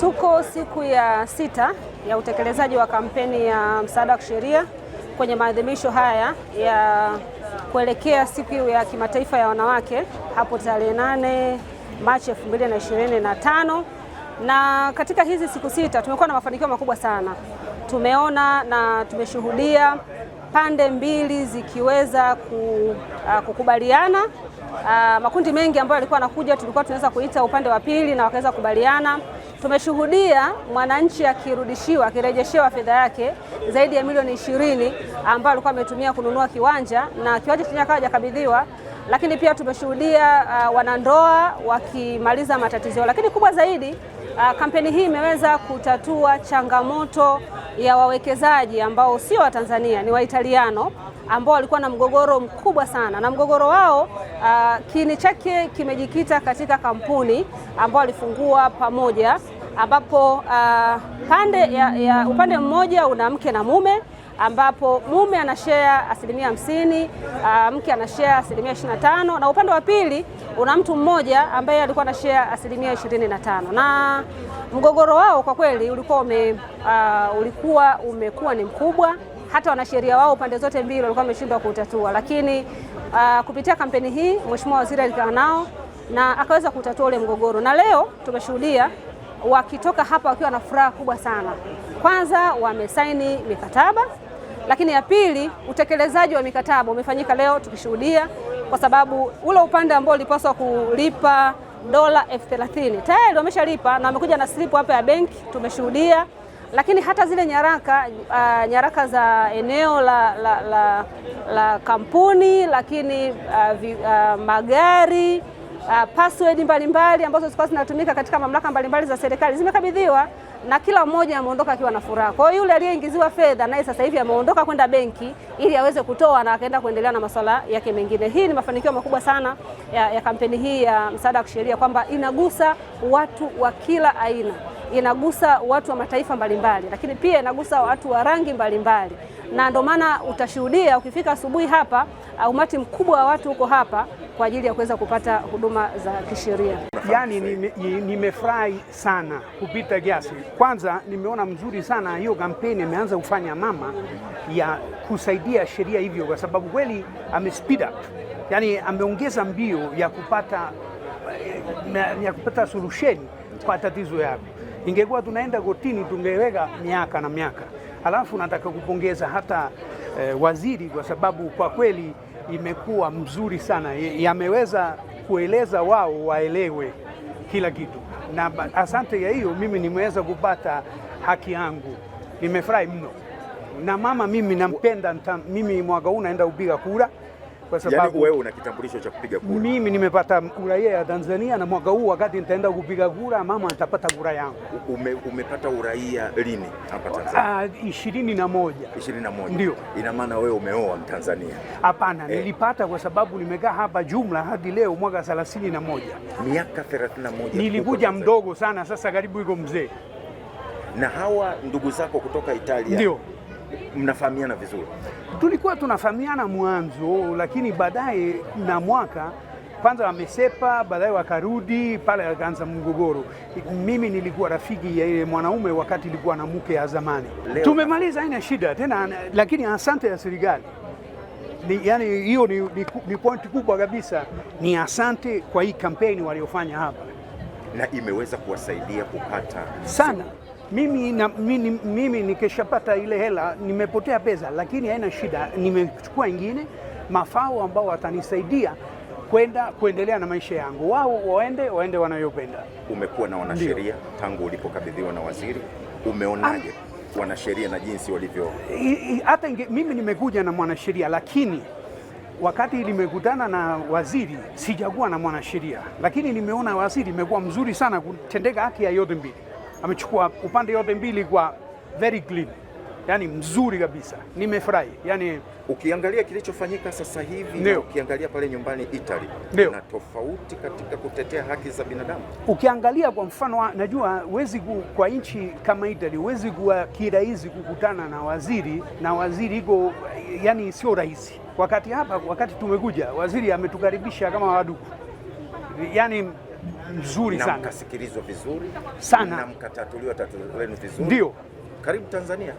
Tuko siku ya sita ya utekelezaji wa kampeni ya msaada wa kisheria kwenye maadhimisho haya ya kuelekea siku ya kimataifa ya wanawake hapo tarehe nane Machi 2025, na na tano katika hizi siku sita tumekuwa na mafanikio makubwa sana. Tumeona na tumeshuhudia pande mbili zikiweza kukubaliana uh, makundi mengi ambayo yalikuwa yanakuja tulikuwa tunaweza kuita upande wa pili na wakaweza kubaliana Tumeshuhudia mwananchi akirudishiwa akirejeshewa fedha yake zaidi ya milioni ishirini ambayo alikuwa ametumia kununua kiwanja na kiwanja chenyewe akawa hajakabidhiwa, lakini pia tumeshuhudia uh, wanandoa wakimaliza matatizo yao, lakini kubwa zaidi uh, kampeni hii imeweza kutatua changamoto ya wawekezaji ambao sio Watanzania, ni Waitaliano ambao walikuwa na mgogoro mkubwa sana, na mgogoro wao uh, kiini chake kimejikita katika kampuni ambao walifungua pamoja, ambapo uh, pande ya, ya upande mmoja una mke na mume ambapo mume anashea asilimia hamsini, ah, mke anashea asilimia ishirini na tano na upande wa pili una mtu mmoja ambaye alikuwa anashare asilimia ishirini na tano na mgogoro wao kwa kweli ulikuwa ume, uh, ulikuwa umekuwa ni mkubwa hata wanasheria wao pande zote mbili walikuwa wameshindwa kuutatua, lakini uh, kupitia kampeni hii mheshimiwa waziri alikaa nao na akaweza kutatua ule mgogoro, na leo tumeshuhudia wakitoka hapa wakiwa na furaha kubwa sana. Kwanza wamesaini mikataba, lakini ya pili utekelezaji wa mikataba umefanyika leo tukishuhudia, kwa sababu ule upande ambao ulipaswa kulipa dola elfu thelathini tayari wameshalipa na wamekuja na slipu hapa ya benki tumeshuhudia lakini hata zile nyaraka uh, nyaraka za eneo la, la, la, la kampuni lakini uh, vi, uh, magari uh, password mbalimbali ambazo zilikuwa zinatumika katika mamlaka mbalimbali za serikali zimekabidhiwa na kila mmoja ameondoka akiwa na furaha. Kwa hiyo yule aliyeingiziwa fedha naye sasa hivi ameondoka kwenda benki ili aweze kutoa na akaenda kuendelea na masuala yake mengine. Hii ni mafanikio makubwa sana ya, ya kampeni hii ya msaada wa kisheria kwamba inagusa watu wa kila aina inagusa watu wa mataifa mbalimbali, lakini pia inagusa watu wa rangi mbalimbali, na ndio maana utashuhudia ukifika asubuhi hapa uh, umati mkubwa wa watu huko hapa kwa ajili ya kuweza kupata huduma za kisheria. yani nimefurahi ni sana kupita kiasi. Kwanza nimeona mzuri sana hiyo kampeni ameanza kufanya mama ya kusaidia sheria hivyo, kwa sababu kweli ame speed up, yaani, ameongeza mbio ya kupata eh, ya kupata solusheni kwa tatizo yako. Ingekuwa tunaenda kotini tungeweka miaka na miaka. Alafu nataka kupongeza hata e, waziri kwa sababu kwa kweli imekuwa mzuri sana, yameweza kueleza wao waelewe kila kitu, na asante ya hiyo mimi nimeweza kupata haki yangu, nimefurahi mno. Na mama mimi nampenda, mimi mwaka huu naenda kupiga kura kwa yaani sababu wewe una kitambulisho cha kupiga kura. Mimi nimepata uraia ya Tanzania na mwaka huu wakati nitaenda kupiga kura, mama atapata kura yangu. Ume, umepata uraia lini hapa Tanzania? Ah, ishirini na moja. Ishirini na moja. Ndio. Ina maana wewe umeoa Mtanzania? Hapana, eh, nilipata kwa sababu nimekaa hapa jumla hadi leo mwaka thelathini na moja. Miaka thelathini na moja. Nilikuja mdogo sana, sasa karibu iko mzee. Na hawa ndugu zako kutoka Italia ndio mnafahamiana vizuri? tulikuwa tunafahamiana mwanzo, lakini baadaye na mwaka kwanza wamesepa, baadaye wakarudi pale, wakaanza mgogoro. Mimi nilikuwa rafiki ya ile mwanaume wakati ilikuwa na mke ya zamani. Tumemaliza, haina shida tena, lakini asante ya serikali ni, yani hiyo ni, ni, ni pointi kubwa kabisa, ni asante kwa hii kampeni waliofanya hapa, na imeweza kuwasaidia kupata sana mimi, na, mimi, mimi nikishapata ile hela nimepotea pesa, lakini haina shida, nimechukua ingine mafao ambao watanisaidia kwenda kuendelea na maisha yangu. Wao waende waende wanayopenda. Umekuwa na wanasheria tangu ulipokabidhiwa na waziri, umeonaje wanasheria na jinsi walivyo? Hata mimi nimekuja na mwanasheria, lakini wakati nimekutana na waziri sijakuwa na mwanasheria, lakini nimeona waziri imekuwa mzuri sana kutendeka haki ya yote mbili amechukua upande yote mbili kwa very clean, yani mzuri kabisa, nimefurahi yani ukiangalia kilichofanyika sasa hivi na Ukiangalia pale nyumbani Italy na tofauti katika kutetea haki za binadamu, ukiangalia kwa mfano, najua huwezi kwa nchi kama Italy huwezi kuwa kirahisi kukutana na waziri na waziri iko yani sio rahisi, wakati hapa, wakati tumekuja waziri ametukaribisha kama waduku yani nzuri sana, mkasikilizwa vizuri sana na mkatatuliwa tatizo lenu vizuri. Ndio, karibu Tanzania.